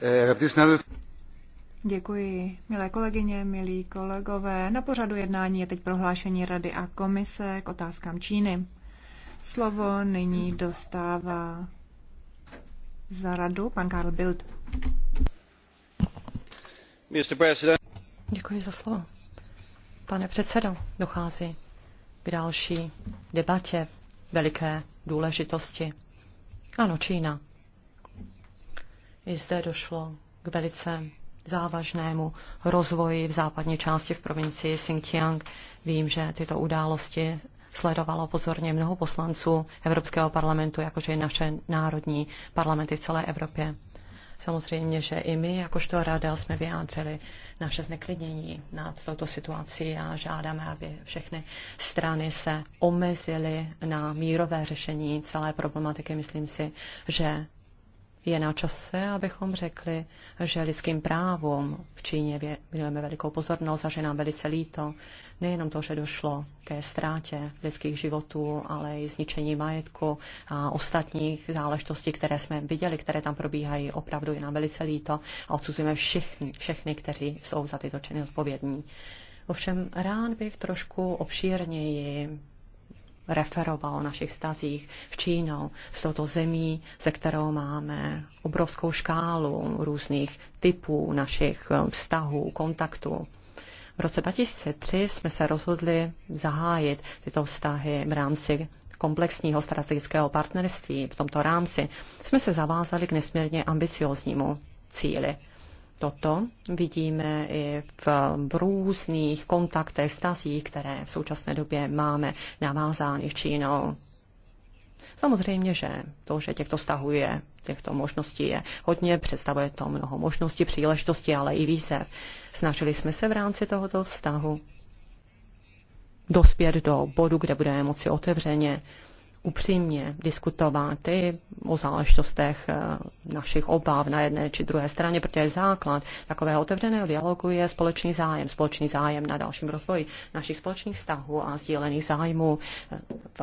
Eh, Děkuji, milé kolegyně, milí kolegové. Na pořadu jednání je teď prohlášení Rady a komise k otázkám Číny. Slovo nyní dostává za radu pan Karl Bild. Děkuji za slovo. Pane předsedo, dochází k další debatě veliké důležitosti. Ano, Čína i zde došlo k velice závažnému rozvoji v západní části v provincii Xinjiang. Vím, že tyto události sledovalo pozorně mnoho poslanců Evropského parlamentu, jakože i naše národní parlamenty v celé Evropě. Samozřejmě, že i my, jakožto rada, jsme vyjádřili naše zneklidnění nad touto situací a žádáme, aby všechny strany se omezily na mírové řešení celé problematiky. Myslím si, že je na čase, abychom řekli, že lidským právům v Číně věnujeme velikou pozornost a že nám velice líto. Nejenom to, že došlo ke ztrátě lidských životů, ale i zničení majetku a ostatních záležitostí, které jsme viděli, které tam probíhají. Opravdu je nám velice líto a odsuzujeme všichni, všechny, kteří jsou za tyto činy odpovědní. Ovšem rád bych trošku obšírněji referoval o našich vztazích s Čínou, s touto zemí, se kterou máme obrovskou škálu různých typů našich eh, vztahů, kontaktů. V roce 2003 jsme se rozhodli zahájit tyto vztahy v rámci komplexního strategického partnerství. V tomto rámci jsme se zavázali k nesmírně ambicioznímu cíli. Toto vidíme i v různých kontaktech, stazích, které v současné době máme navázány s Čínou. Samozřejmě, že to, že těchto vztahů je, těchto možností je hodně, představuje to mnoho možností, příležitostí, ale i výzev. Snažili jsme se v rámci tohoto vztahu dospět do bodu, kde budeme moci otevřeně upřímně diskutovat i o záležitostech eh, našich obav na jedné či druhé straně, protože základ takového otevřeného dialogu je společný zájem, společný zájem na dalším rozvoji našich společných vztahů a sdílených zájmů eh, v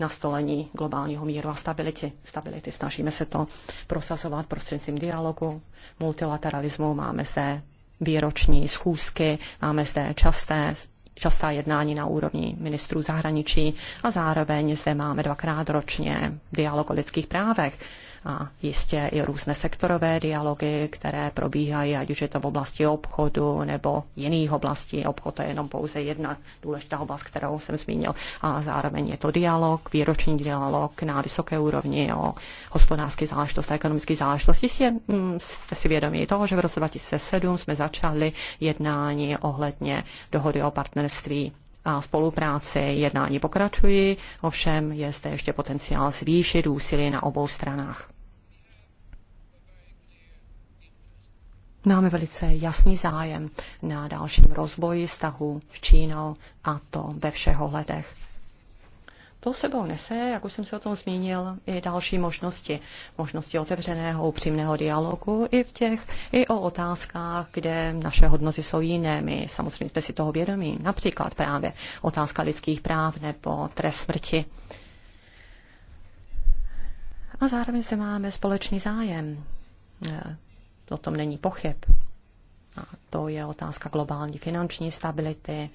nastolení globálního míru a stability. stability. Snažíme se to prosazovat prostřednictvím dialogu, multilateralismu. Máme zde výroční schůzky, máme zde časté častá jednání na úrovni ministrů zahraničí a zároveň zde máme dvakrát ročně dialog o lidských právech a jistě i různé sektorové dialogy, které probíhají, ať už je to v oblasti obchodu nebo jiných oblastí. Obchod je jenom pouze jedna důležitá oblast, kterou jsem zmínil. A zároveň je to dialog, výroční dialog na vysoké úrovni o hospodářské záležitosti, ekonomické záležitosti. Jistě mm, jste si vědomí toho, že v roce 2007 jsme začali jednání ohledně dohody o partnerství a spolupráce jednání pokračují, ovšem je zde ještě potenciál zvýšit úsilí na obou stranách. Máme velice jasný zájem na dalším rozvoji vztahu s Čínou a to ve všech ohledech. To sebou nese, jak už jsem se o tom zmínil, i další možnosti. Možnosti otevřeného, upřímného dialogu i v těch, i o otázkách, kde naše hodnoty jsou jiné. My samozřejmě jsme si toho vědomí. Například právě otázka lidských práv nebo trest smrti. A zároveň zde máme společný zájem. E, o tom není pochyb. A to je otázka globální finanční stability,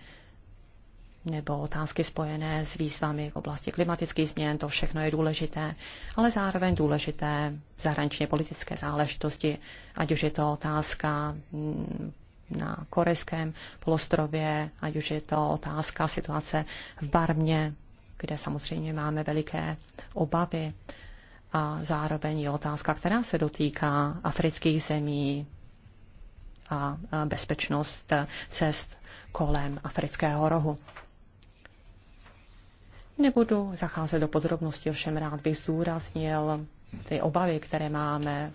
nebo otázky spojené s výzvami v oblasti klimatických změn, to všechno je důležité, ale zároveň důležité zahraničně politické záležitosti, ať už je to otázka mm, na korejském polostrově, ať už je to otázka situace v Barmě, kde samozřejmě máme veliké obavy. A zároveň je otázka, která se dotýká afrických zemí a bezpečnost cest kolem afrického rohu. Nebudu zacházet do podrobností, ovšem rád bych zdůraznil ty obavy, které máme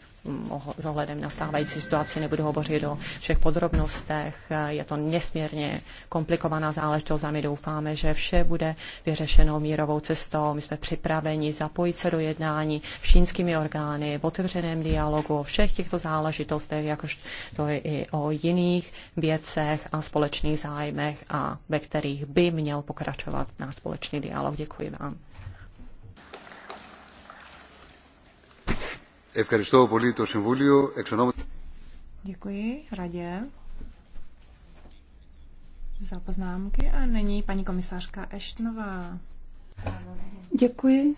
s ohledem na stávající situaci, nebudu hovořit o všech podrobnostech. Je to nesmírně komplikovaná záležitost a my doufáme, že vše bude vyřešeno mírovou cestou. My jsme připraveni zapojit se do jednání s čínskými orgány v otevřeném dialogu o všech těchto záležitostech, jakož to je i o jiných věcech a společných zájmech a ve kterých by měl pokračovat náš společný dialog. Děkuji vám. Děkuji radě za poznámky a není paní komisářka Eštnová. Děkuji,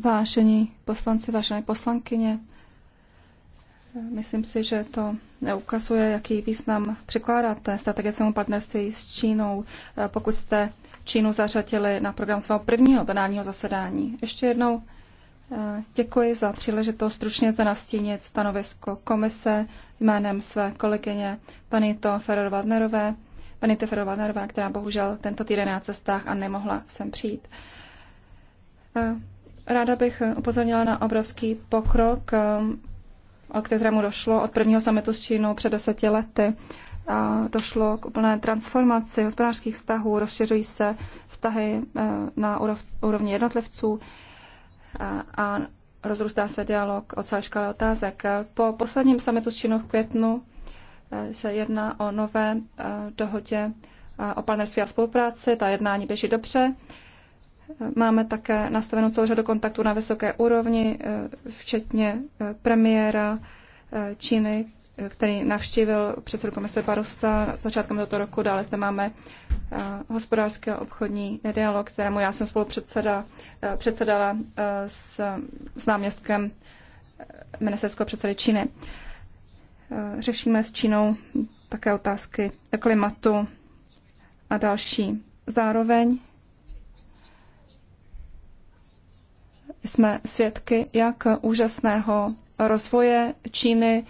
vážení poslanci, vážené poslankyně. Myslím si, že to ukazuje, jaký význam překládáte strategickému partnerství s Čínou, pokud jste Čínu zařadili na program svého prvního plenárního zasedání. Ještě jednou Děkuji za příležitost stručně zde nastínit stanovisko komise jménem své kolegyně Panito Ferrovadnerové, Panity Ferrovadnerové, která bohužel tento týden na cestách a nemohla sem přijít. Ráda bych upozornila na obrovský pokrok, o kterému došlo od prvního sametu s Čínou před deseti lety. A došlo k úplné transformaci hospodářských vztahů, rozšiřují se vztahy eh, na úrovni jednotlivců, a rozrůstá se dialog o celé škále otázek. Po posledním summitu s Čínou v květnu eh, se jedná o nové eh, dohodě eh, o partnerství a spolupráci. Ta jednání běží dobře. Máme také nastavenou celou řadu kontaktů na vysoké úrovni, včetně premiéra Číny, který navštívil předsedu komise Barosa začátkem tohoto roku. Dále zde máme eh, hospodářský a obchodní dialog, kterému já jsem spolu předseda, eh, předsedala eh, s, s náměstkem ministerského předsedy Číny. Řešíme s Čínou také otázky klimatu a další. Zároveň jsme svědky, jak úžasného rozvoje Číny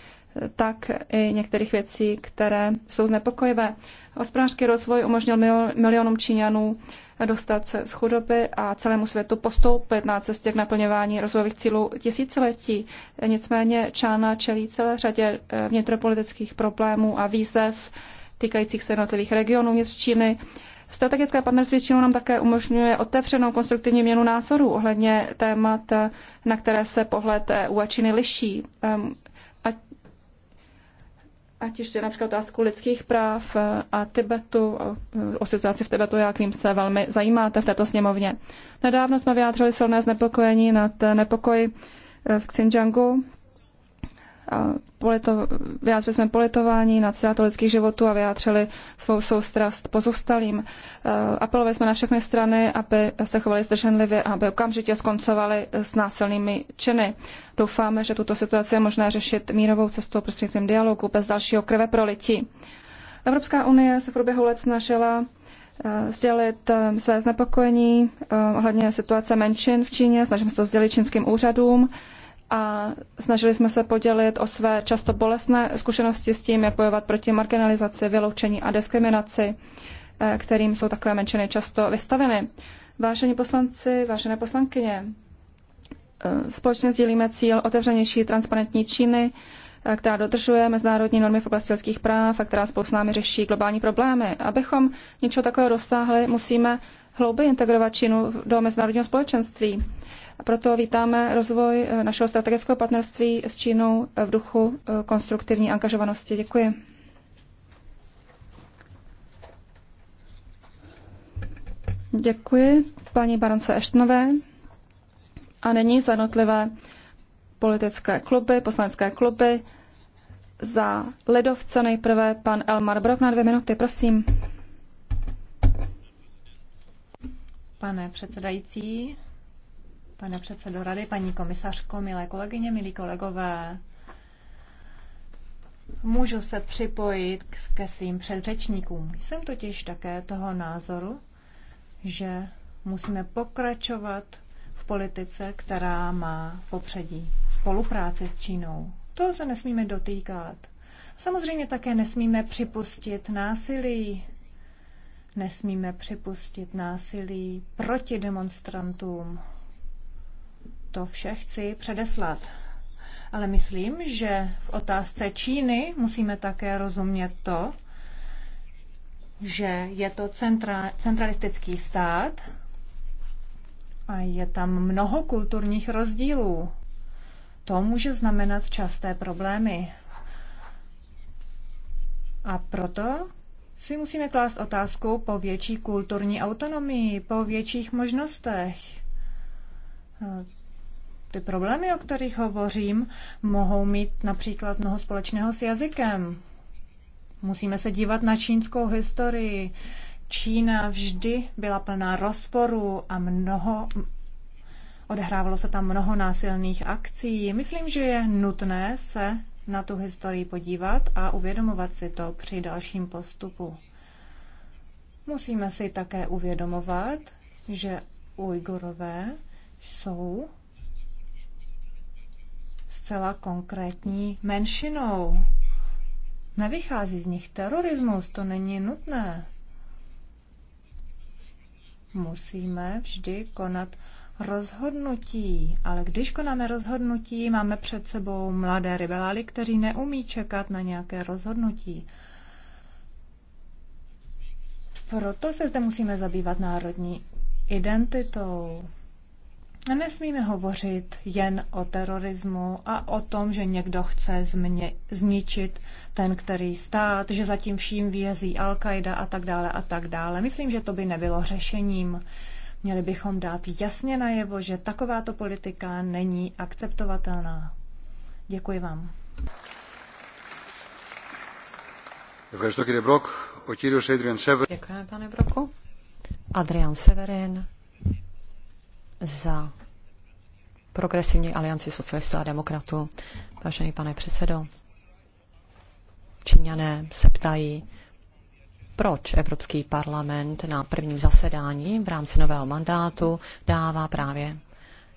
tak i některých věcí, které jsou znepokojivé. Hospodářský rozvoj umožnil milionům Číňanů dostat se z chudoby a celému světu postoupit na cestě k naplňování rozvojových cílů tisíciletí. Nicméně Čána čelí celé řadě eh, vnitropolitických problémů a výzev týkajících se jednotlivých regionů vnitř Číny. Strategické partnerství s Čínou nám také umožňuje otevřenou konstruktivní měnu názorů ohledně témat, na které se pohled EU a Číny liší. Ehm, ať ještě například otázku lidských práv eh, a Tibetu, eh, o situaci v Tibetu, jak vím, se velmi zajímáte v této sněmovně. Nedávno jsme vyjádřili silné znepokojení nad nepokoj eh, v Xinjiangu, polito, vyjádřili jsme politování nad ztrátou lidských životů a vyjádřili svou soustrast pozůstalým. E, apelovali jsme na všechny strany, aby se chovali zdrženlivě a aby okamžitě skoncovali s násilnými činy. Doufáme, že tuto situaci je možné řešit mírovou cestou prostřednictvím dialogu bez dalšího krve prolití. Evropská unie se v průběhu let snažila e, sdělit e, své znepokojení ohledně situace menšin v Číně, snažíme se to sdělit čínským úřadům a snažili jsme se podělit o své často bolestné zkušenosti s tím, jak bojovat proti marginalizaci, vyloučení a diskriminaci, eh, kterým jsou takové menšiny často vystaveny. Vážení poslanci, vážené poslankyně, eh, společně sdílíme cíl otevřenější transparentní Číny, eh, která dodržuje mezinárodní normy v oblasti lidských práv a která spolu s námi řeší globální problémy. Abychom něčeho takového dosáhli, musíme hlouběji integrovat Čínu do mezinárodního společenství. A proto vítáme rozvoj eh, našeho strategického partnerství s Čínou eh, v duchu eh, konstruktivní angažovanosti. Děkuji. Děkuji paní baronce Eštnové. A nyní za jednotlivé politické kluby, poslanecké kluby. Za ledovce nejprve pan Elmar Brok na dvě minuty, prosím. pane předsedající, pane předsedo rady, paní komisařko, milé kolegyně, milí kolegové. Můžu se připojit ke svým předřečníkům. Jsem totiž také toho názoru, že musíme pokračovat v politice, která má popředí spolupráci s Čínou. To se nesmíme dotýkat. Samozřejmě také nesmíme připustit násilí Nesmíme připustit násilí proti demonstrantům. To vše chci předeslat. Ale myslím, že v otázce Číny musíme také rozumět to, že je to centra, centralistický stát a je tam mnoho kulturních rozdílů. To může znamenat časté problémy. A proto si musíme klást otázku po větší kulturní autonomii, po větších možnostech. Eh, ty problémy, o kterých hovořím, mohou mít například mnoho společného s jazykem. Musíme se dívat na čínskou historii. Čína vždy byla plná rozporů a mnoho odehrávalo se tam mnoho násilných akcí. Myslím, že je nutné se na tu historii podívat a uvědomovat si to při dalším postupu. Musíme si také uvědomovat, že Ujgurové jsou zcela konkrétní menšinou. Nevychází z nich terorismus, to není nutné. Musíme vždy konat rozhodnutí, ale když konáme rozhodnutí, máme před sebou mladé rybelály, kteří neumí čekat na nějaké rozhodnutí. Proto se zde musíme zabývat národní identitou. Nesmíme hovořit jen o terorismu a o tom, že někdo chce změ- zničit ten, který stát, že zatím vším vězí Al-Qaida a tak dále a tak dále. Myslím, že to by nebylo řešením. Měli bychom dát jasně najevo, že takováto politika není akceptovatelná. Děkuji vám. Děkujeme, pane Broku. Adrian Severin za Progresivní alianci socialistů a demokratů. Vážený pane předsedo, Číňané se ptají, proč Evropský parlament na prvním zasedání v rámci nového mandátu dává právě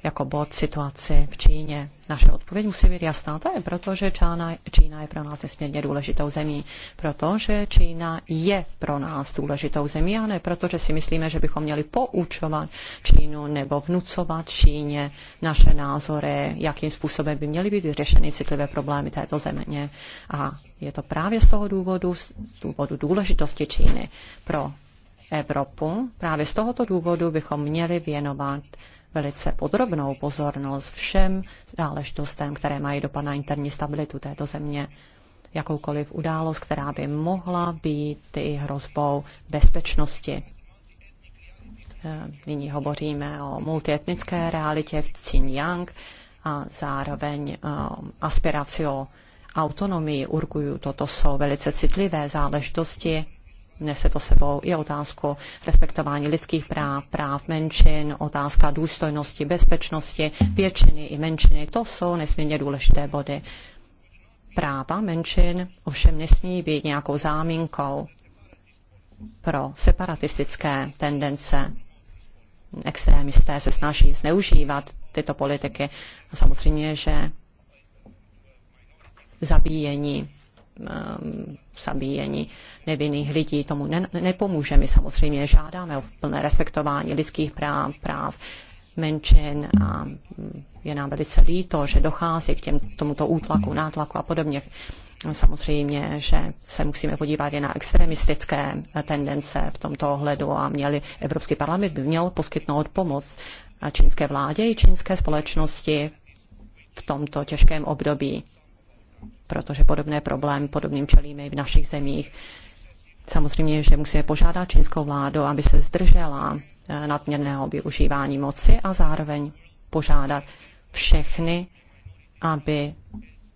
jako bod situaci v Číně. Naše odpověď musí být jasná. To je proto, že Čína, Čína je pro nás nesmírně důležitou zemí. Protože Čína je pro nás důležitou zemí a ne proto, že si myslíme, že bychom měli poučovat Čínu nebo vnucovat Číně naše názory, jakým způsobem by měly být vyřešeny citlivé problémy této země. A je to právě z toho důvodu, z důvodu důležitosti Číny pro Evropu. Právě z tohoto důvodu bychom měli věnovat velice podrobnou pozornost všem záležitostem, které mají dopad na interní stabilitu této země. Jakoukoliv událost, která by mohla být i hrozbou bezpečnosti. Eh, nyní hovoříme o multietnické realitě v Xinjiang a zároveň eh, aspiraci o autonomii Urguju. Toto jsou velice citlivé záležitosti nese to sebou i otázku respektování lidských práv, práv menšin, otázka důstojnosti, bezpečnosti, většiny i menšiny. To jsou nesmírně důležité body. Práva menšin ovšem nesmí být nějakou záminkou pro separatistické tendence. Extrémisté se snaží zneužívat tyto politiky. A samozřejmě, že zabíjení Um, zabíjení nevinných lidí. Tomu ne, nepomůže. My samozřejmě žádáme o plné respektování lidských práv, práv menšin a je nám velice líto, že dochází k těm, tomuto útlaku, nátlaku a podobně. Samozřejmě, že se musíme podívat i na extremistické tendence v tomto ohledu a měli, Evropský parlament by měl poskytnout pomoc čínské vládě i čínské společnosti v tomto těžkém období protože podobné problémy podobným čelíme i v našich zemích. Samozřejmě, že musíme požádat čínskou vládu, aby se zdržela eh, nadměrného využívání moci a zároveň požádat všechny, aby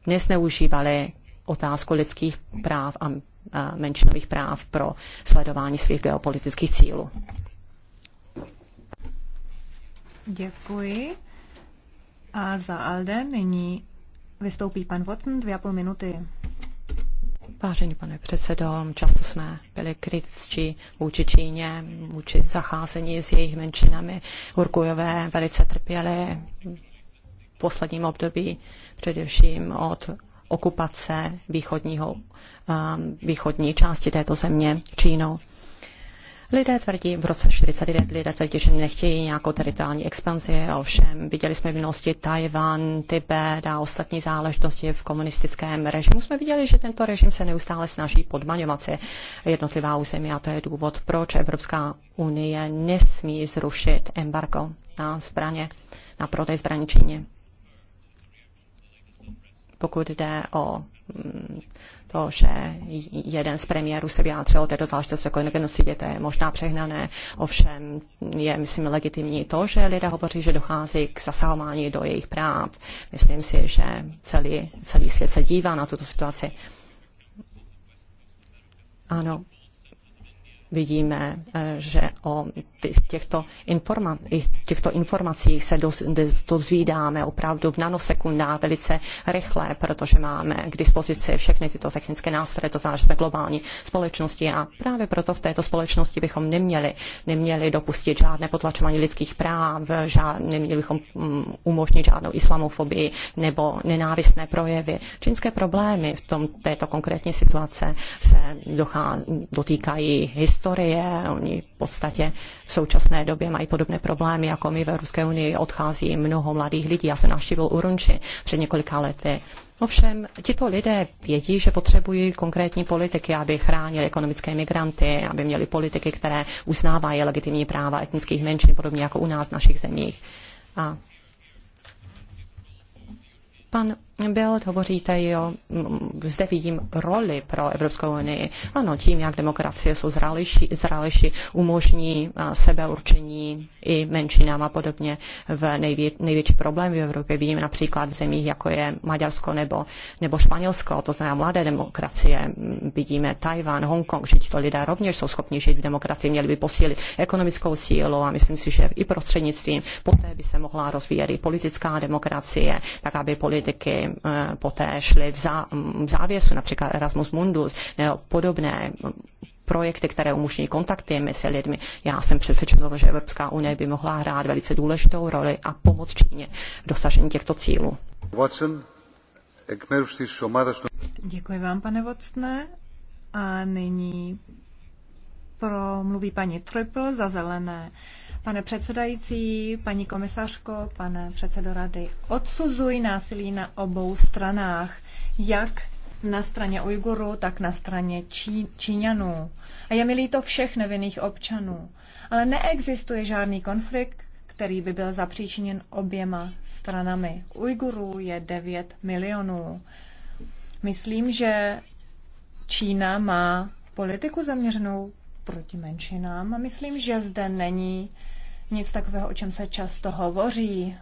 nezneužívali otázku lidských práv a eh, menšinových práv pro sledování svých geopolitických cílů. Děkuji. A za Alde nyní Vystoupí pan Votn, dvě a půl minuty. Vážený pane předsedo, často jsme byli kritičtí vůči Číně, vůči zacházení s jejich menšinami. Urkujové velice trpěli v posledním období, především od okupace východního, východní části této země Čínou. Lidé tvrdí, v roce 49 lidé tvrdí, že nechtějí nějakou teritoriální expanzi, ovšem viděli jsme v minulosti Tajvan, Tibet a ostatní záležitosti v komunistickém režimu. Jsme viděli, že tento režim se neustále snaží podmaňovat si jednotlivá území a to je důvod, proč Evropská unie nesmí zrušit embargo na zbraně, na prodej zbraní Číně. Pokud jde o mm, to, že jeden z premiérů se vyjádřil o této záležitosti jako genocidě, to je možná přehnané, ovšem je, myslím, legitimní to, že lidé hovoří, že dochází k zasahování do jejich práv. Myslím si, že celý, celý svět se dívá na tuto situaci. Ano, vidíme, eh, že o ty, těchto, informa- těchto informací se dozvídáme opravdu v nanosekundách velice rychle, protože máme k dispozici všechny tyto technické nástroje, to znamená, že jsme globální společnosti a právě proto v této společnosti bychom neměli, neměli dopustit žádné potlačování lidských práv, žád, neměli bychom mm, umožnit žádnou islamofobii nebo nenávistné projevy. Čínské problémy v tom, této konkrétní situace se dochá, dotýkají historie, oni v podstatě v současnosti současné době mají podobné problémy, jako my v Evropské unii odchází mnoho mladých lidí. Já jsem navštívil Urunči před několika lety. Ovšem, tito lidé vědí, že potřebují konkrétní politiky, aby chránili ekonomické migranty, aby měli politiky, které uznávají legitimní práva etnických menšin, podobně jako u nás v našich zemích. A pan byl, hovoříte i o, mm, zde vidím roli pro Evropskou unii. Ano, tím, jak demokracie jsou zralejší, zralejší umožní sebeurčení i menšinám a podobně v nejvě, největší problém v Evropě. Vidím například v zemích, jako je Maďarsko nebo, nebo Španělsko, to znamená mladé demokracie. Vidíme Tajván, Hongkong, že tito lidé rovněž jsou schopni žít v demokracii, měli by posílit ekonomickou sílu a myslím si, že i prostřednictvím poté by se mohla rozvíjet i politická demokracie, tak aby politiky Eh, poté šly v, zá, v závěsu, například Erasmus Mundus nebo podobné projekty, které umožní kontakty mezi lidmi. Já jsem přesvědčena, že Evropská unie by mohla hrát velice důležitou roli a pomoc Číně v dosažení těchto cílů. Watson, Děkuji vám, pane Vocne. A nyní promluví paní Triple za zelené. Pane předsedající, paní komisařko, pane předsedo rady, odsuzuj násilí na obou stranách, jak na straně Ujgurů, tak na straně Čí, Číňanů. A je mi líto všech nevinných občanů. Ale neexistuje žádný konflikt, který by byl zapříčiněn oběma stranami. Ujgurů je 9 milionů. Myslím, že Čína má politiku zaměřenou proti menšinám a myslím, že zde není nic takového, o čem se často hovoří.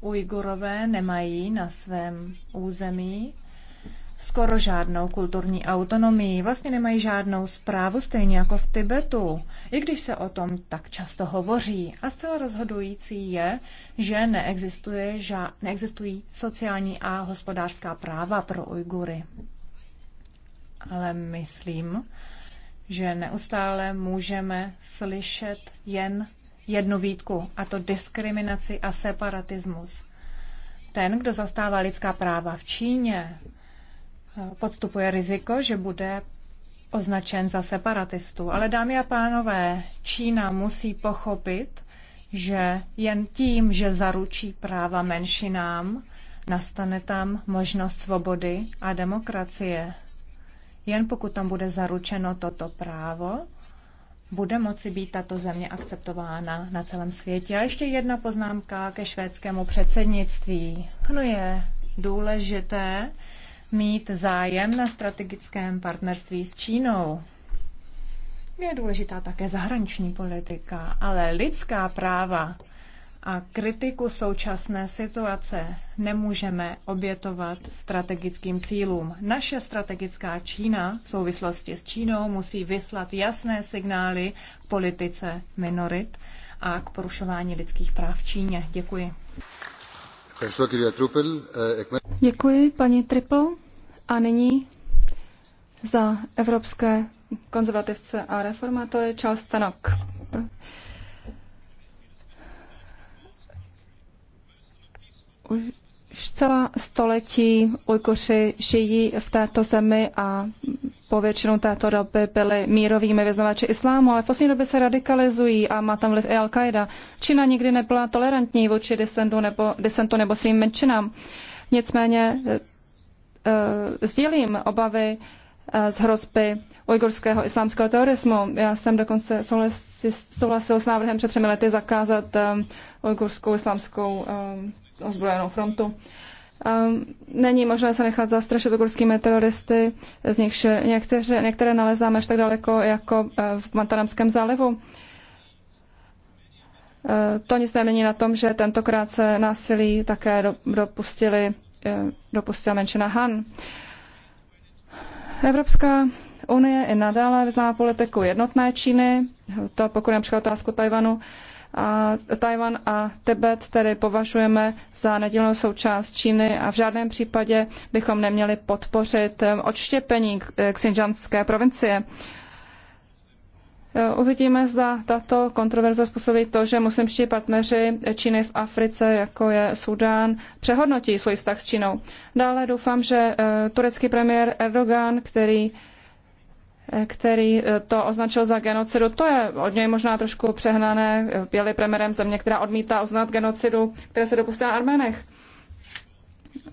Ujgurové nemají na svém území skoro žádnou kulturní autonomii, vlastně nemají žádnou zprávu, stejně jako v Tibetu, i když se o tom tak často hovoří. A zcela rozhodující je, že neexistuje ža- neexistují sociální a hospodářská práva pro Ujgury. Ale myslím, že neustále můžeme slyšet jen jednu výtku, a to diskriminaci a separatismus. Ten, kdo zastává lidská práva v Číně, eh, podstupuje riziko, že bude označen za separatistu. Ale dámy a pánové, Čína musí pochopit, že jen tím, že zaručí práva menšinám, nastane tam možnost svobody a demokracie. Jen pokud tam bude zaručeno toto právo, bude moci být tato země akceptována na celém světě. A ještě jedna poznámka ke švédskému předsednictví. No je důležité mít zájem na strategickém partnerství s Čínou. Je důležitá také zahraniční politika, ale lidská práva a kritiku současné situace nemůžeme obětovat strategickým cílům. Naše strategická Čína v souvislosti s Čínou musí vyslat jasné signály politice minorit a k porušování lidských práv v Číně. Děkuji. Děkuji, paní Triple. A nyní za evropské konzervativce a reformátory Charles Tanok. Už celá století Ujkuři žijí v této zemi a po většinu této doby byly mírovými vyznavači islámu, ale v poslední době se radikalizují a má tam vliv i Al-Qaida. Čína nikdy nebyla tolerantní vůči disentu nebo, disentu nebo svým menšinám. Nicméně uh, sdílím obavy eh, z hrozby ujgurského islámského terorismu. Já jsem dokonce souhlasil, souhlasil s návrhem před třemi lety zakázat e, ujgurskou islámskou ozbrojenou frontu. Ehm, není možné se nechat zastrašit ugorskými teroristy, z nichž někteře, některé nalezáme až tak daleko jako eh, v Guantanamském zálivu. Eh, to nic nemění na tom, že tentokrát se násilí také dopustili, eh, dopustila menšina Han. Evropská unie i nadále vyznává politiku jednotné Číny, to pokud například otázku Tajvanu, a Tajvan a Tibet tedy považujeme za nedílnou součást Číny a v žádném případě bychom neměli podpořit eh, odštěpení eh, Xinjiangské provincie. Eh, uvidíme, zda tato kontroverze způsobí to, že muslimští partneři Číny v Africe, jako je Sudán, přehodnotí svůj vztah s Čínou. Dále doufám, že turecký premiér Erdogan, který který eh, to označil za genocidu. To je od něj možná trošku přehnané. Eh, Byl premiérem země, která odmítá uznat genocidu, které se dopustila Arménech.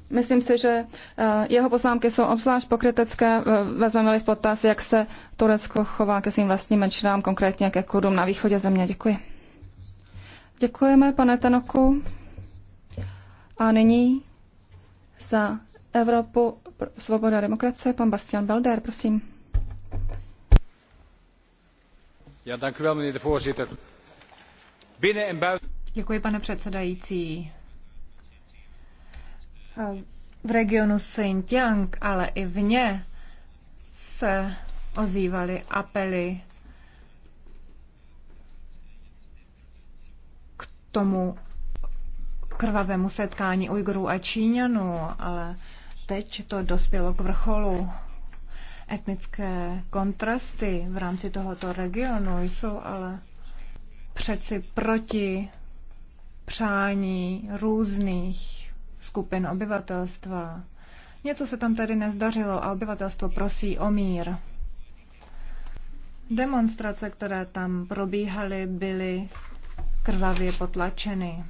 Myslím si, že eh, jeho poznámky jsou obzvlášť pokrytecké. Vezmeme-li v potaz, jak se Turecko chová ke svým vlastním menšinám, konkrétně ke Kurdům na východě země. Děkuji. Děkujeme, pane Tanoku. A nyní za Evropu svoboda a demokracie, pan Bastian Belder, prosím. pane předsedající. V regionu Xinjiang, ale i vně, se ozývaly apely k tomu krvavému setkání Ujgurů a Číňanů, ale teď to dospělo k vrcholu. Etnické kontrasty v rámci tohoto regionu jsou ale přeci proti přání různých skupin obyvatelstva. Něco se tam tady nezdařilo a obyvatelstvo prosí o mír. Demonstrace, které tam probíhaly, byly krvavě potlačeny.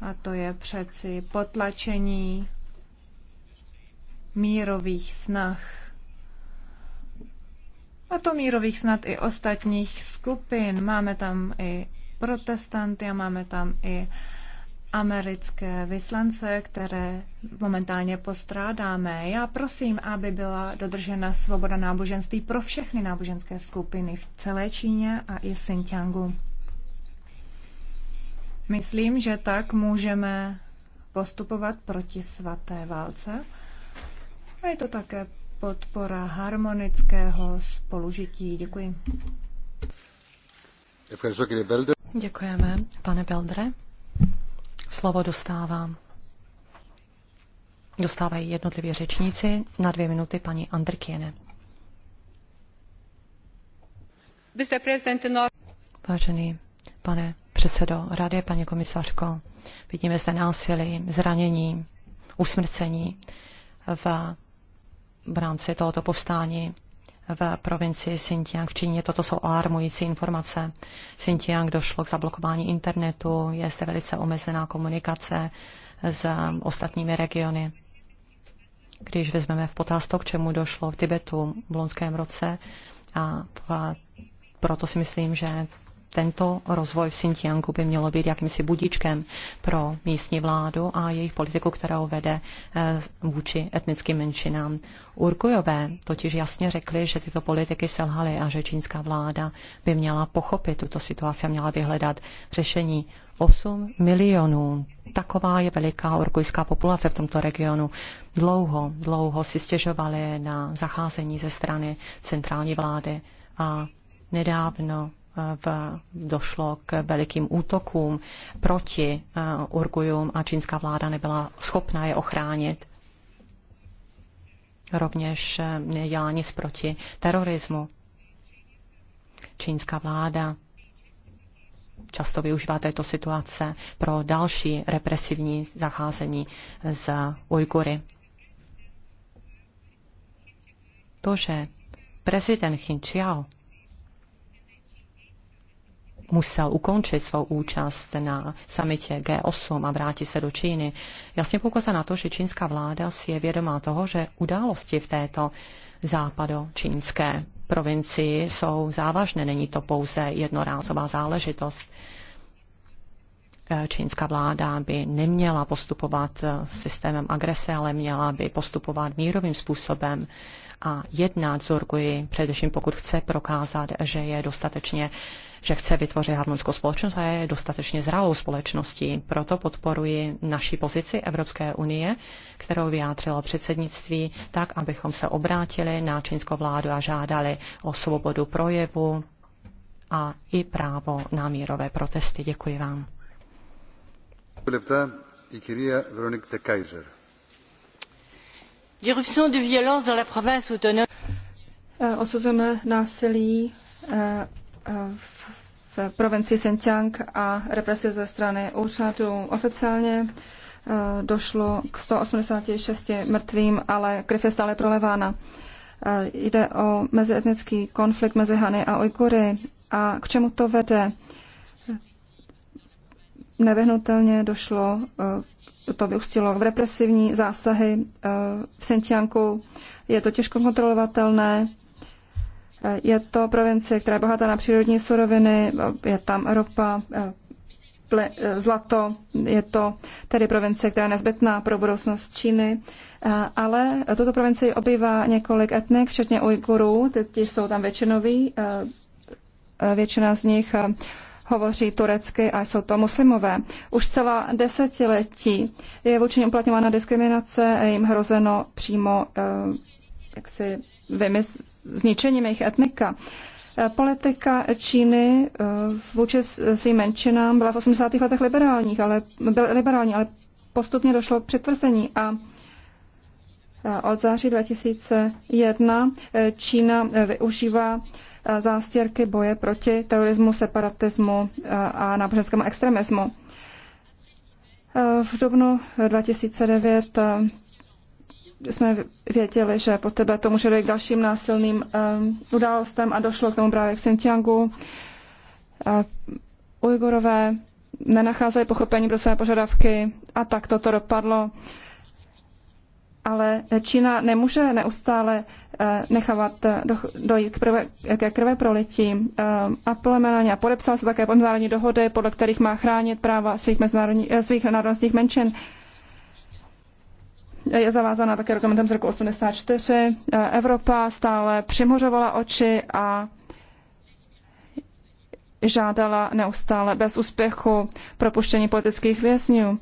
A to je přeci potlačení mírových snah. A to mírových snad i ostatních skupin. Máme tam i protestanty a máme tam i americké vyslance, které momentálně postrádáme. Já prosím, aby byla dodržena svoboda náboženství pro všechny náboženské skupiny v celé Číně a i v Xinjiangu. Myslím, že tak můžeme postupovat proti svaté válce a je to také podpora harmonického spolužití. Děkuji. Děkujeme, pane Beldre. Slovo dostávám. Dostávají jednotlivě řečníci na dvě minuty paní Andrkiene. Vážený pane předsedo rady, paní komisařko, vidíme zde násilí, zranění, usmrcení v v rámci tohoto povstání v provincii Xinjiang v Číně. Toto jsou alarmující informace. V Xinjiang došlo k zablokování internetu, je zde velice omezená komunikace s ostatními regiony. Když vezmeme v potaz to, k čemu došlo v Tibetu v loňském roce, a proto si myslím, že tento rozvoj v Xinjiangu by mělo být jakýmsi budičkem pro místní vládu a jejich politiku, kterou vede eh, vůči etnickým menšinám. Urkujové totiž jasně řekli, že tyto politiky selhaly a že čínská vláda by měla pochopit tuto situaci a měla by hledat řešení. 8 milionů. Taková je veliká orkujská populace v tomto regionu. Dlouho, dlouho si stěžovali na zacházení ze strany centrální vlády a nedávno v, došlo k velikým útokům proti eh, Urgujům a čínská vláda nebyla schopná je ochránit. Rovněž nedělá eh, nic proti terorismu. Čínská vláda často využívá této situace pro další represivní zacházení z Ujgury. To, že prezident Chin Chiao musel ukončit svou účast na samitě G8 a vrátit se do Číny, jasně poukazuje na to, že čínská vláda si je vědomá toho, že události v této západočínské provincii jsou závažné. Není to pouze jednorázová záležitost. Eh, čínská vláda by neměla postupovat eh, systémem agrese, ale měla by postupovat mírovým způsobem a jednat zorguji, především pokud chce prokázat, že je dostatečně že chce vytvořit harmonickou společnost a je dostatečně zralou společností. Proto podporuji naši pozici Evropské unie, kterou vyjádřilo předsednictví, tak, abychom se obrátili na čínskou vládu a žádali o svobodu projevu a i právo na mírové protesty. Děkuji vám. L'irruption de violence dans la province autonome. Eh, Osuzujeme násilí eh, eh, v provincii Xinjiang a represi ze strany úřadů. Oficiálně došlo k 186 mrtvým, ale krev je stále prolevána. Jde o mezietnický konflikt mezi Hany a Ujgury. A k čemu to vede? nevyhnutelně došlo, eh, to vyústilo v represivní zásahy eh, v Sintianku. Je to těžko kontrolovatelné. Eh, je to provincie, která je bohatá na přírodní suroviny, je tam ropa, zlato, je to tedy provincie, která je nezbytná pro budoucnost Číny, ale tuto provincii obývá několik etnik, včetně Ujgurů, ti jsou tam většinoví, většina z nich hovoří turecky a jsou to muslimové. Už celá desetiletí je vůči nim uplatňována diskriminace a jim hrozeno přímo eh, jaksi vymys- zničením jejich etnika. Eh, politika Číny eh, vůči svým menšinám byla v 80. letech liberálních, ale, byl liberální, ale postupně došlo k přetvrzení a od září 2001 Čína využívá zástěrky boje proti terorismu, separatismu eh, a náboženskému extremismu. Eh, v dubnu 2009 eh, jsme věděli, že po tebe to může dojít k dalším násilným událostem a došlo k tomu právě k Xinjiangu. Ujgurové nenacházeli pochopení pro své požadavky a tak toto dopadlo ale Čína nemůže neustále eh, nechávat eh, dojít ke krve prolití. Eh, a na ně a podepsala se také mezinárodní dohody, podle kterých má chránit práva svých, svých národnostních menšin. Je zavázána také dokumentem z roku 1984. Evropa stále přimořovala oči a žádala neustále bez úspěchu propuštění politických vězňů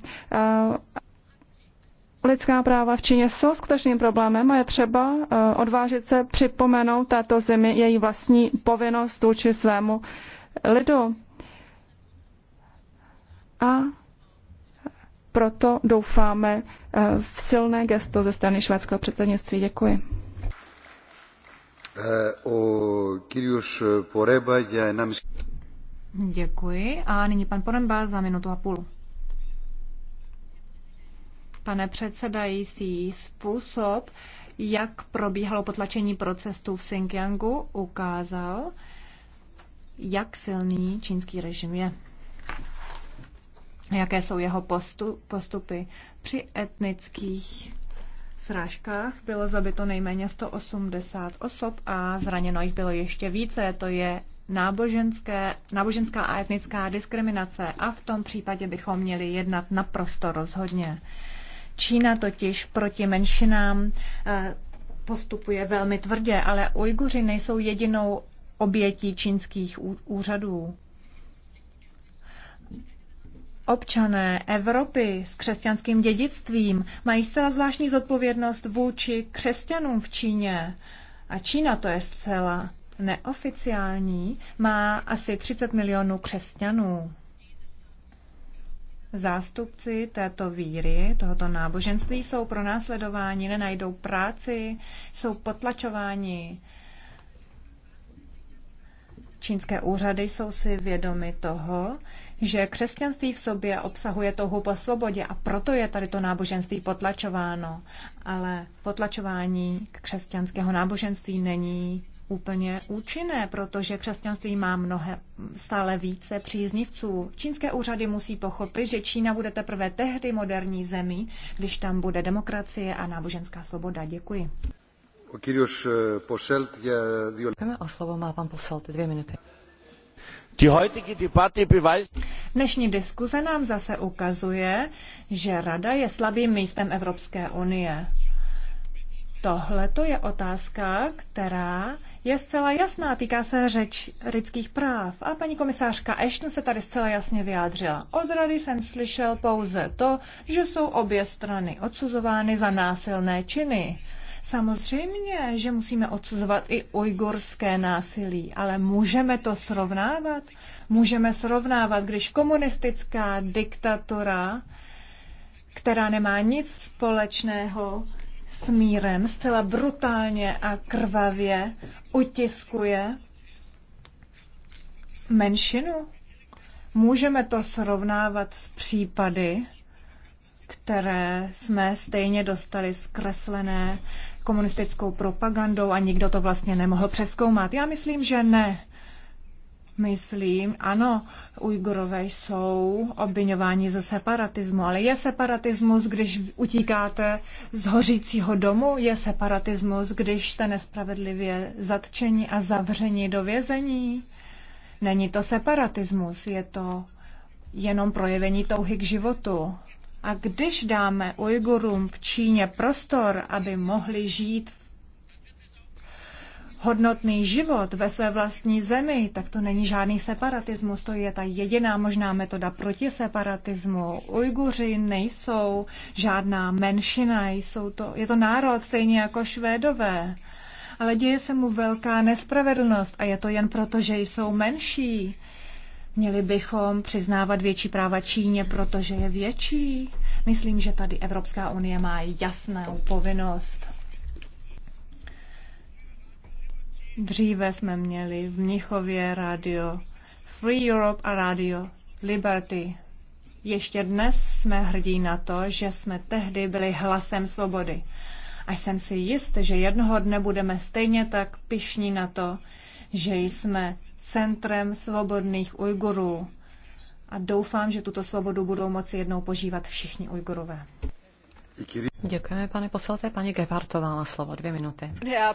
lidská práva v Číně jsou skutečným problémem a je třeba eh, odvážit se připomenout této zemi její vlastní povinnost vůči svému lidu. A proto doufáme eh, v silné gesto ze strany švédského předsednictví. Děkuji. Eh, Děkuji. A nyní pan Poremba za minutu a půl pane předsedající, způsob, jak probíhalo potlačení procesu v Xinjiangu, ukázal, jak silný čínský režim je. Jaké jsou jeho postu, postupy? Při etnických srážkách bylo zabito nejméně 180 osob a zraněno jich bylo ještě více. To je náboženské, náboženská a etnická diskriminace a v tom případě bychom měli jednat naprosto rozhodně. Čína totiž proti menšinám eh, postupuje velmi tvrdě, ale Ujguři nejsou jedinou obětí čínských úřadů. Občané Evropy s křesťanským dědictvím mají zcela zvláštní zodpovědnost vůči křesťanům v Číně. A Čína to je zcela neoficiální, má asi 30 milionů křesťanů zástupci této víry, tohoto náboženství, jsou pro následování, nenajdou práci, jsou potlačováni. Čínské úřady jsou si vědomi toho, že křesťanství v sobě obsahuje touhu po svobodě a proto je tady to náboženství potlačováno. Ale potlačování křesťanského náboženství není úplně účinné, protože křesťanství má mnohé, stále více příznivců. Čínské úřady musí pochopit, že Čína bude teprve tehdy moderní zemí, když tam bude demokracie a náboženská svoboda. Děkuji. Eh, Děkujeme o slovo má pan Poselt, dvě minuty. Dnešní diskuze nám zase ukazuje, že Rada je slabým místem Evropské unie. Tohle to je otázka, která je zcela jasná, týká se řeč lidských práv. A paní komisářka Ashton se tady zcela jasně vyjádřila. Od rady jsem slyšel pouze to, že jsou obě strany odsuzovány za násilné činy. Samozřejmě, že musíme odsuzovat i ujgurské násilí, ale můžeme to srovnávat? Můžeme srovnávat, když komunistická diktatura, která nemá nic společného smírem zcela brutálně a krvavě utiskuje menšinu? Můžeme to srovnávat s případy, které jsme stejně dostali zkreslené komunistickou propagandou a nikdo to vlastně nemohl přeskoumat. Já myslím, že ne myslím, ano, Ujgurové jsou obvinováni ze separatismu, ale je separatismus, když utíkáte z hořícího domu, je separatismus, když jste nespravedlivě zatčeni a zavřeni do vězení. Není to separatismus, je to jenom projevení touhy k životu. A když dáme Ujgurům v Číně prostor, aby mohli žít v hodnotný život ve své vlastní zemi, tak to není žádný separatismus, to je ta jediná možná metoda proti separatismu. Ujguři nejsou žádná menšina, jsou to, je to národ stejně jako Švédové. Ale děje se mu velká nespravedlnost a je to jen proto, že jsou menší. Měli bychom přiznávat větší práva Číně, protože je větší. Myslím, že tady Evropská unie má jasnou povinnost Dříve jsme měli v Mnichově rádio Free Europe a rádio Liberty. Ještě dnes jsme hrdí na to, že jsme tehdy byli hlasem svobody. A jsem si jist, že jednoho dne budeme stejně tak pišní na to, že jsme centrem svobodných Ujgurů. A doufám, že tuto svobodu budou moci jednou požívat všichni Ujgurové. Děkujeme, pane poslaté. Paní Gevartová má slovo. Dvě minuty. Herr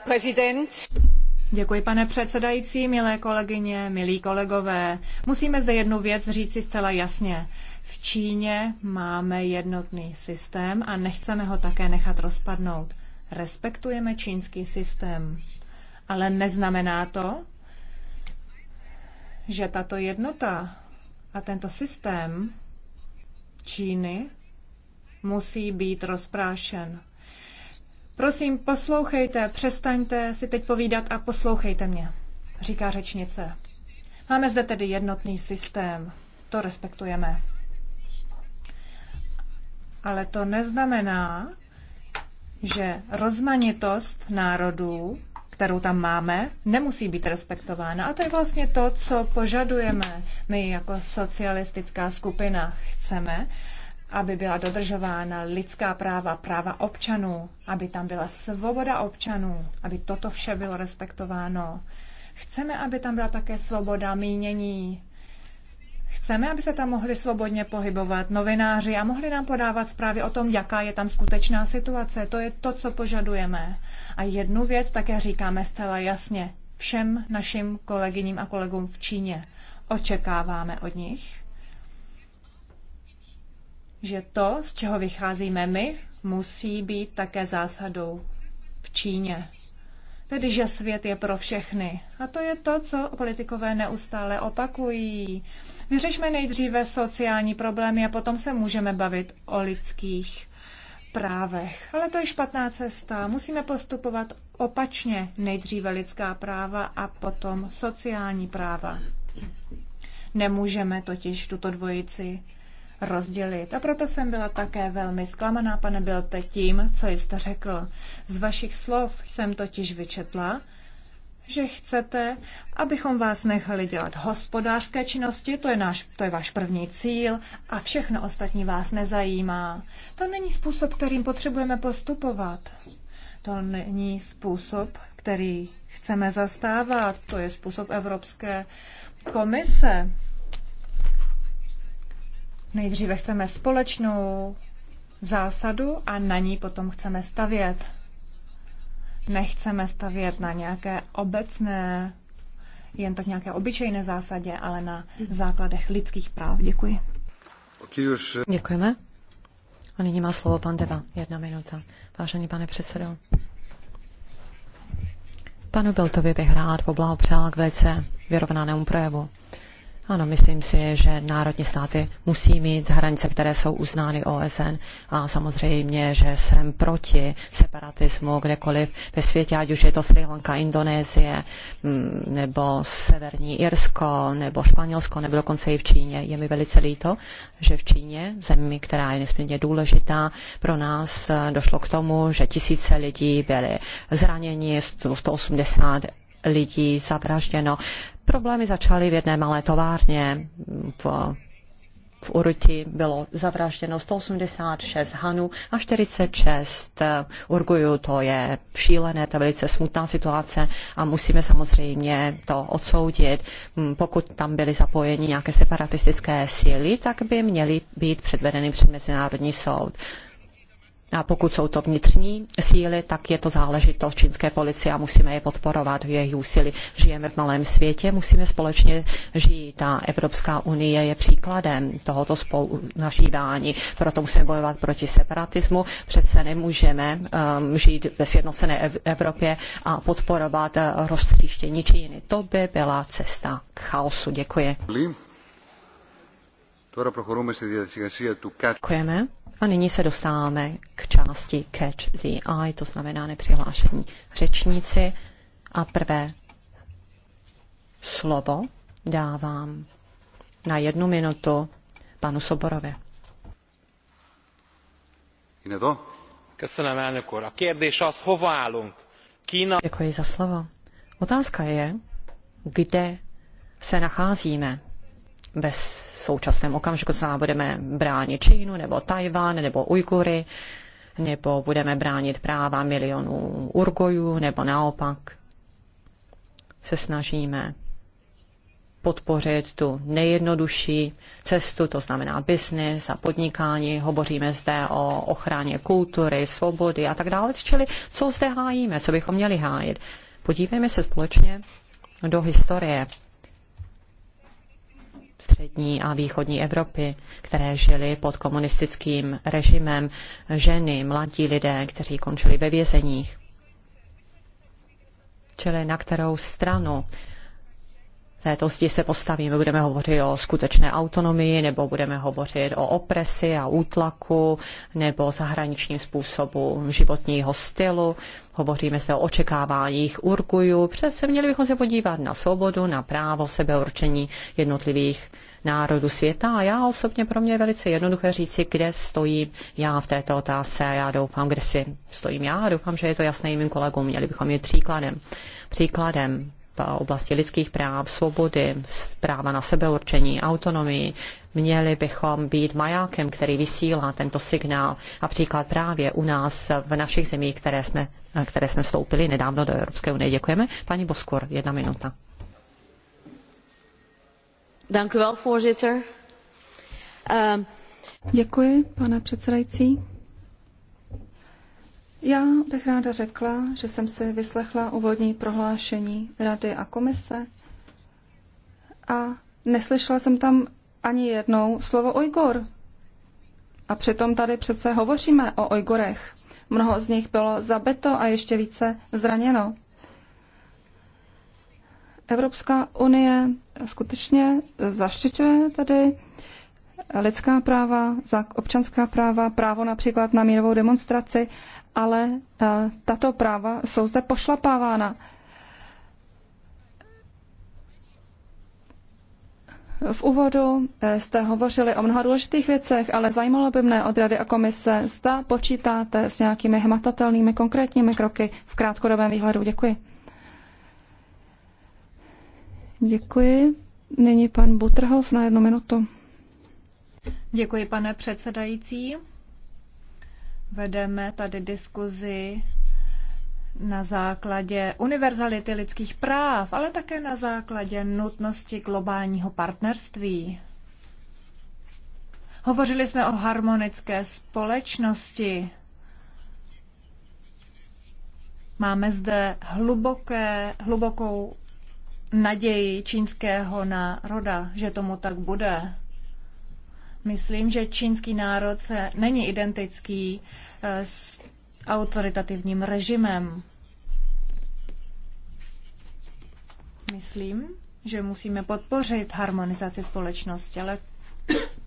Děkuji, pane předsedající, milé kolegyně, milí kolegové. Musíme zde jednu věc říci zcela jasně. V Číně máme jednotný systém a nechceme ho také nechat rozpadnout. Respektujeme čínský systém, ale neznamená to, že tato jednota a tento systém Číny musí být rozprášen. Prosím, poslouchejte, přestaňte si teď povídat a poslouchejte mě, říká řečnice. Máme zde tedy jednotný systém, to respektujeme. Ale to neznamená, že rozmanitost národů, kterou tam máme, nemusí být respektována. A to je vlastně to, co požadujeme my jako socialistická skupina. Chceme, aby byla dodržována lidská práva, práva občanů, aby tam byla svoboda občanů, aby toto vše bylo respektováno. Chceme, aby tam byla také svoboda mínění. Chceme, aby se tam mohli svobodně pohybovat novináři a mohli nám podávat zprávy o tom, jaká je tam skutečná situace. To je to, co požadujeme. A jednu věc také říkáme zcela jasně všem našim kolegyním a kolegům v Číně. Očekáváme od nich, že to, z čeho vycházíme my, musí být také zásadou v Číně. Tedy, že svět je pro všechny. A to je to, co politikové neustále opakují. Vyřešme nejdříve sociální problémy a potom se můžeme bavit o lidských právech. Ale to je špatná cesta. Musíme postupovat opačně. Nejdříve lidská práva a potom sociální práva. Nemůžeme totiž tuto dvojici rozdělit. A proto jsem byla také velmi zklamaná, pane Bilte, tím, co jste řekl. Z vašich slov jsem totiž vyčetla, že chcete, abychom vás nechali dělat hospodářské činnosti, to je, náš, to je váš první cíl a všechno ostatní vás nezajímá. To není způsob, kterým potřebujeme postupovat. To není způsob, který chceme zastávat. To je způsob Evropské komise. Nejdříve chceme společnou zásadu a na ní potom chceme stavět. Nechceme stavět na nějaké obecné, jen tak nějaké obyčejné zásadě, ale na základech lidských práv. Děkuji. Děkujeme. A nyní má slovo pan Deva. Jedna minuta. Vážený pane předsedo. Panu Beltovi bych rád poblahopřál k velice vyrovnanému projevu. Ano, myslím si, že národní státy musí mít hranice, které jsou uznány OSN a samozřejmě, že jsem proti separatismu kdekoliv ve světě, ať už je to Sri Lanka, Indonésie, mm, nebo Severní Irsko, nebo Španělsko, nebo dokonce i v Číně. Je mi velice líto, že v Číně, zemi, která je nesmírně důležitá pro nás, eh, došlo k tomu, že tisíce lidí byly zraněni, 180 lidí zavražděno. Problémy začaly v jedné malé továrně v v Uruti bylo zavražděno 186 Hanů a 46 Urguju. To je šílené, to je velice smutná situace a musíme samozřejmě to odsoudit. Pokud tam byly zapojeni nějaké separatistické síly, tak by měly být předvedeny před Mezinárodní soud. A pokud jsou to vnitřní síly, tak je to záležitost čínské policie a musíme je podporovat v jejich úsilí. Žijeme v malém světě, musíme společně žít a Evropská unie je příkladem tohoto spolunažívání. Proto musíme bojovat proti separatismu. Přece nemůžeme um, žít ve sjednocené Evropě a podporovat uh, rozstříštění Číny. To by byla cesta k chaosu. Děkuji. Děkujeme. A nyní se dostáváme k části Catch the Eye, to znamená nepřihlášení řečníci. A prvé slovo dávám na jednu minutu panu Soborovi. Děkuji za slovo. Otázka je, kde se nacházíme ve současném okamžiku, co budeme bránit Čínu, nebo Tajván, nebo Ujgury, nebo budeme bránit práva milionů Urgojů, nebo naopak se snažíme podpořit tu nejjednodušší cestu, to znamená biznis a podnikání. Hovoříme zde o ochraně kultury, svobody a tak dále. Čili co zde hájíme, co bychom měli hájit? Podívejme se společně do historie střední a východní Evropy, které žili pod komunistickým režimem, ženy, mladí lidé, kteří končili ve vězeních. Čili na kterou stranu této zdi se postavíme, budeme hovořit o skutečné autonomii, nebo budeme hovořit o opresi a útlaku, nebo zahraničním způsobu životního stylu. Hovoříme se o očekáváních Urgujů. Přece měli bychom se podívat na svobodu, na právo sebeurčení jednotlivých národu světa a já osobně pro mě je velice jednoduché říci, kde stojím já v této otázce a já doufám, kde si stojím já a doufám, že je to jasné i mým kolegům. Měli bychom je příkladem. Příkladem oblasti lidských práv, svobody, práva na sebeurčení, autonomii, měli bychom být majákem, který vysílá tento signál. A příklad právě u nás v našich zemích, které jsme, které jsme vstoupili nedávno do Evropské unie. Děkujeme. Pani Boskor, jedna minuta. Ehm, Děkuji, pane předsedající. Já bych ráda řekla, že jsem si vyslechla úvodní prohlášení Rady a komise a neslyšela jsem tam ani jednou slovo Ojgor. A přitom tady přece hovoříme o Ojgorech. Mnoho z nich bylo zabito a ještě více zraněno. Evropská unie skutečně zaštiťuje tady lidská práva, občanská práva, právo například na mírovou demonstraci ale eh, tato práva jsou zde pošlapávána. V úvodu eh, jste hovořili o mnoha důležitých věcech, ale zajímalo by mne od Rady a komise, zda počítáte s nějakými hmatatelnými konkrétními kroky v krátkodobém výhledu. Děkuji. Děkuji. Nyní pan Butrhov na jednu minutu. Děkuji, pane předsedající. Vedeme tady diskuzi na základě univerzality lidských práv, ale také na základě nutnosti globálního partnerství. Hovořili jsme o harmonické společnosti. Máme zde hluboké, hlubokou naději čínského národa, že tomu tak bude myslím, že čínský národ se není identický eh, s autoritativním režimem. Myslím, že musíme podpořit harmonizaci společnosti, ale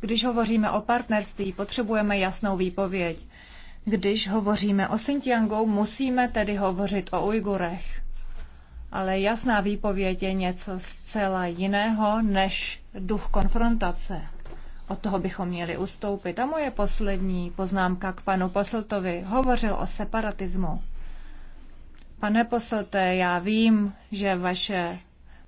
když hovoříme o partnerství, potřebujeme jasnou výpověď. Když hovoříme o Xinjiangu, musíme tedy hovořit o Ujgurech. Ale jasná výpověď je něco zcela jiného než duch konfrontace. Od toho bychom měli ustoupit. A moje poslední poznámka k panu Posltovi. Hovořil o separatismu. Pane Poslte, já vím, že vaše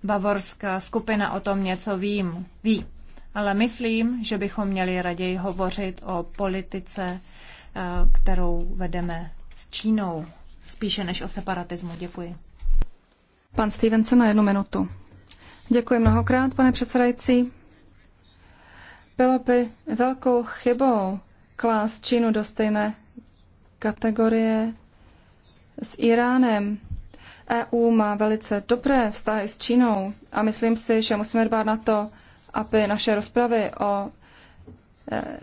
bavorská skupina o tom něco vím, ví, ale myslím, že bychom měli raději hovořit o politice, eh, kterou vedeme s Čínou, spíše než o separatismu. Děkuji. Pan Stevenson na jednu minutu. Děkuji mnohokrát, pane předsedající. Bylo by velkou chybou klást Čínu do stejné kategorie s Iránem. EU má velice dobré vztahy s Čínou a myslím si, že musíme dbát na to, aby naše rozpravy o e,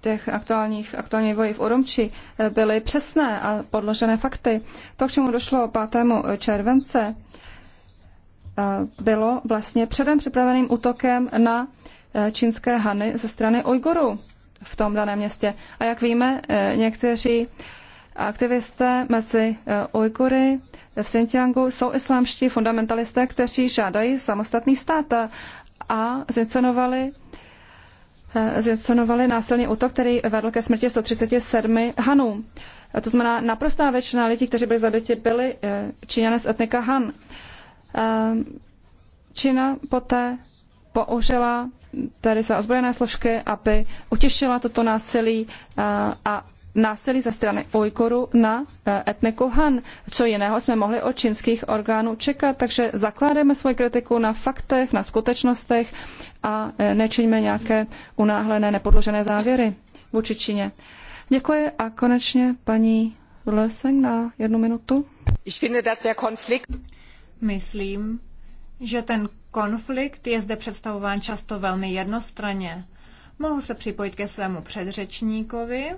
těch aktuálních, aktuální voji v Urumči e, byly přesné a podložené fakty. To, k čemu došlo 5. července, e, bylo vlastně předem připraveným útokem na Eh, čínské Hany ze strany Ujgurů v tom daném městě. A jak víme, eh, někteří aktivisté mezi eh, Ujgury v Xinjiangu jsou islámští fundamentalisté, kteří žádají samostatný stát a zincenovali zinscenovali násilný útok, který vedl ke smrti 137 Hanů. A to znamená, naprostá většina lidí, kteří byli zabiti, byli Číňané z etnika Han. Čína poté použila tady své ozbrojené složky, aby utěšila toto násilí a násilí ze strany Ujkurů na e, etniku Han. Co jiného jsme mohli od čínských orgánů čekat, takže zakládáme svoji kritiku na faktech, na skutečnostech a e, nečiňme nějaké unáhlené, nepodložené závěry vůči Číně. Děkuji a konečně paní Leseng na jednu minutu. Myslím, že ten konflikt je zde představován často velmi jednostranně. Mohu se připojit ke svému předřečníkovi,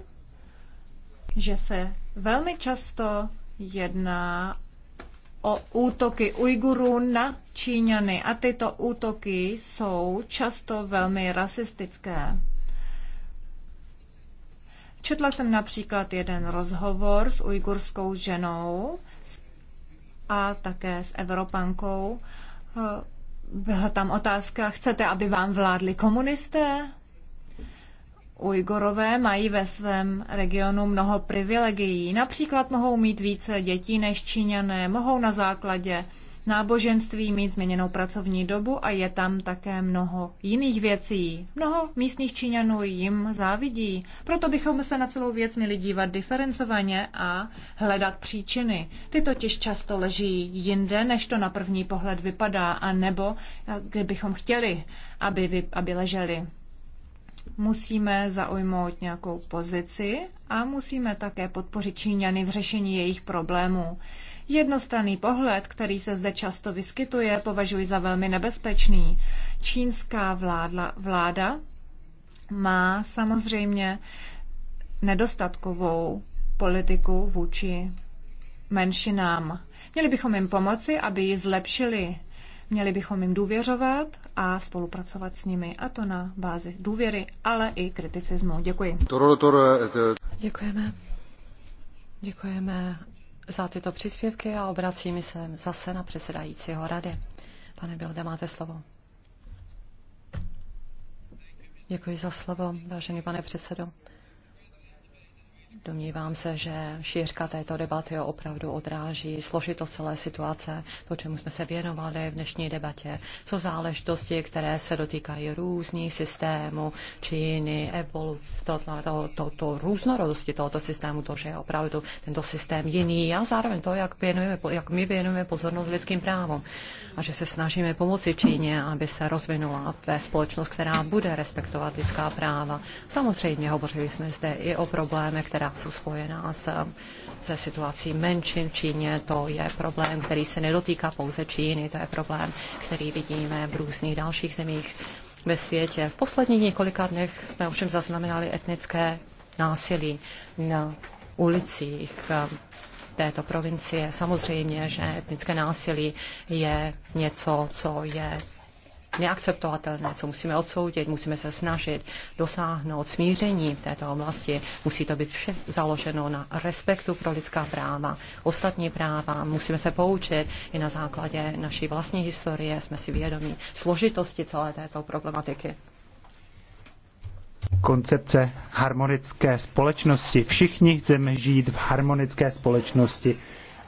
že se velmi často jedná o útoky Ujgurů na Číňany a tyto útoky jsou často velmi rasistické. Četla jsem například jeden rozhovor s ujgurskou ženou a také s Evropankou, Eh, byla tam otázka, chcete, aby vám vládli komunisté? Ujgorové mají ve svém regionu mnoho privilegií. Například mohou mít více dětí než Číňané, mohou na základě náboženství, mít změněnou pracovní dobu a je tam také mnoho jiných věcí. Mnoho místních Číňanů jim závidí. Proto bychom se na celou věc měli dívat diferencovaně a hledat příčiny. Ty totiž často leží jinde, než to na první pohled vypadá, a nebo eh, kdybychom chtěli, aby, vy, aby leželi musíme zaujmout nějakou pozici a musíme také podpořit Číňany v řešení jejich problémů. Jednostranný pohled, který se zde často vyskytuje, považuji za velmi nebezpečný. Čínská vládla, vláda má samozřejmě nedostatkovou politiku vůči menšinám. Měli bychom jim pomoci, aby ji zlepšili. Měli bychom jim důvěřovat a spolupracovat s nimi, a to na bázi důvěry, ale i kriticismu. Děkuji. Eh, eh. Děkujeme. Děkujeme za tyto příspěvky a obracím se zase na předsedajícího rady. Pane Bilde, máte slovo. Děkuji za slovo, vážený pane předsedo. Domnívám se, že šířka této debaty opravdu odráží složitost celé situace, to, čemu jsme se věnovali v dnešní debatě. Jsou záležitosti, které se dotýkají různých systémů, Číny, evoluce, to, to, to, to různorodosti tohoto systému, to, že je opravdu tento systém jiný a zároveň to, jak, věnujeme, jak my věnujeme pozornost lidským právům a že se snažíme pomoci Číně, aby se rozvinula ve společnost, která bude respektovat lidská práva. Samozřejmě hovořili jsme zde i o problémech, které která jsou spojená s, se situací menšin v Číně. To je problém, který se nedotýká pouze Číny, to je problém, který vidíme v různých dalších zemích ve světě. V posledních několika dnech jsme ovšem zaznamenali etnické násilí na ulicích um, této provincie. Samozřejmě, že etnické násilí je něco, co je neakceptovatelné, co musíme odsoudit, musíme se snažit dosáhnout smíření v této oblasti. Musí to být vše založeno na respektu pro lidská práva, ostatní práva. Musíme se poučit i na základě naší vlastní historie. Jsme si vědomí složitosti celé této problematiky. Koncepce harmonické společnosti. Všichni chceme žít v harmonické společnosti.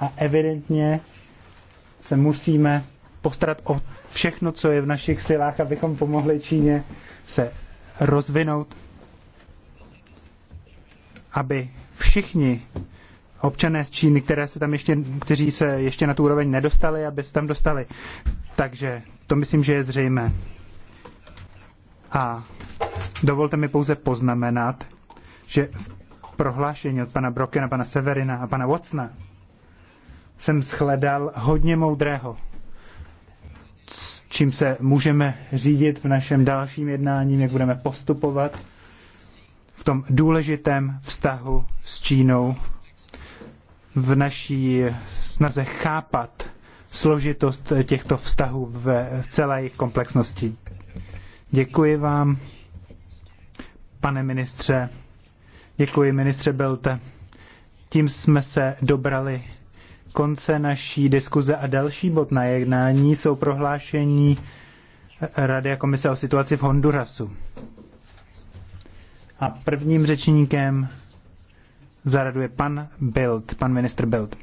A evidentně se musíme postarat o všechno, co je v našich silách, abychom pomohli Číně se rozvinout, aby všichni občané z Číny, které se tam ještě, kteří se ještě na tu úroveň nedostali, aby se tam dostali. Takže to myslím, že je zřejmé. A dovolte mi pouze poznamenat, že v prohlášení od pana Brokena, pana Severina a pana Watsona jsem shledal hodně moudrého čím se můžeme řídit v našem dalším jednání, jak budeme postupovat v tom důležitém vztahu s Čínou, v naší snaze chápat složitost těchto vztahů v celé jejich komplexnosti. Děkuji vám, pane ministře. Děkuji, ministře Belte. Tím jsme se dobrali konce naší diskuze a další bod na jednání jsou prohlášení Rady a komise o situaci v Hondurasu. A prvním řečníkem zaraduje pan Bild, pan ministr Bild.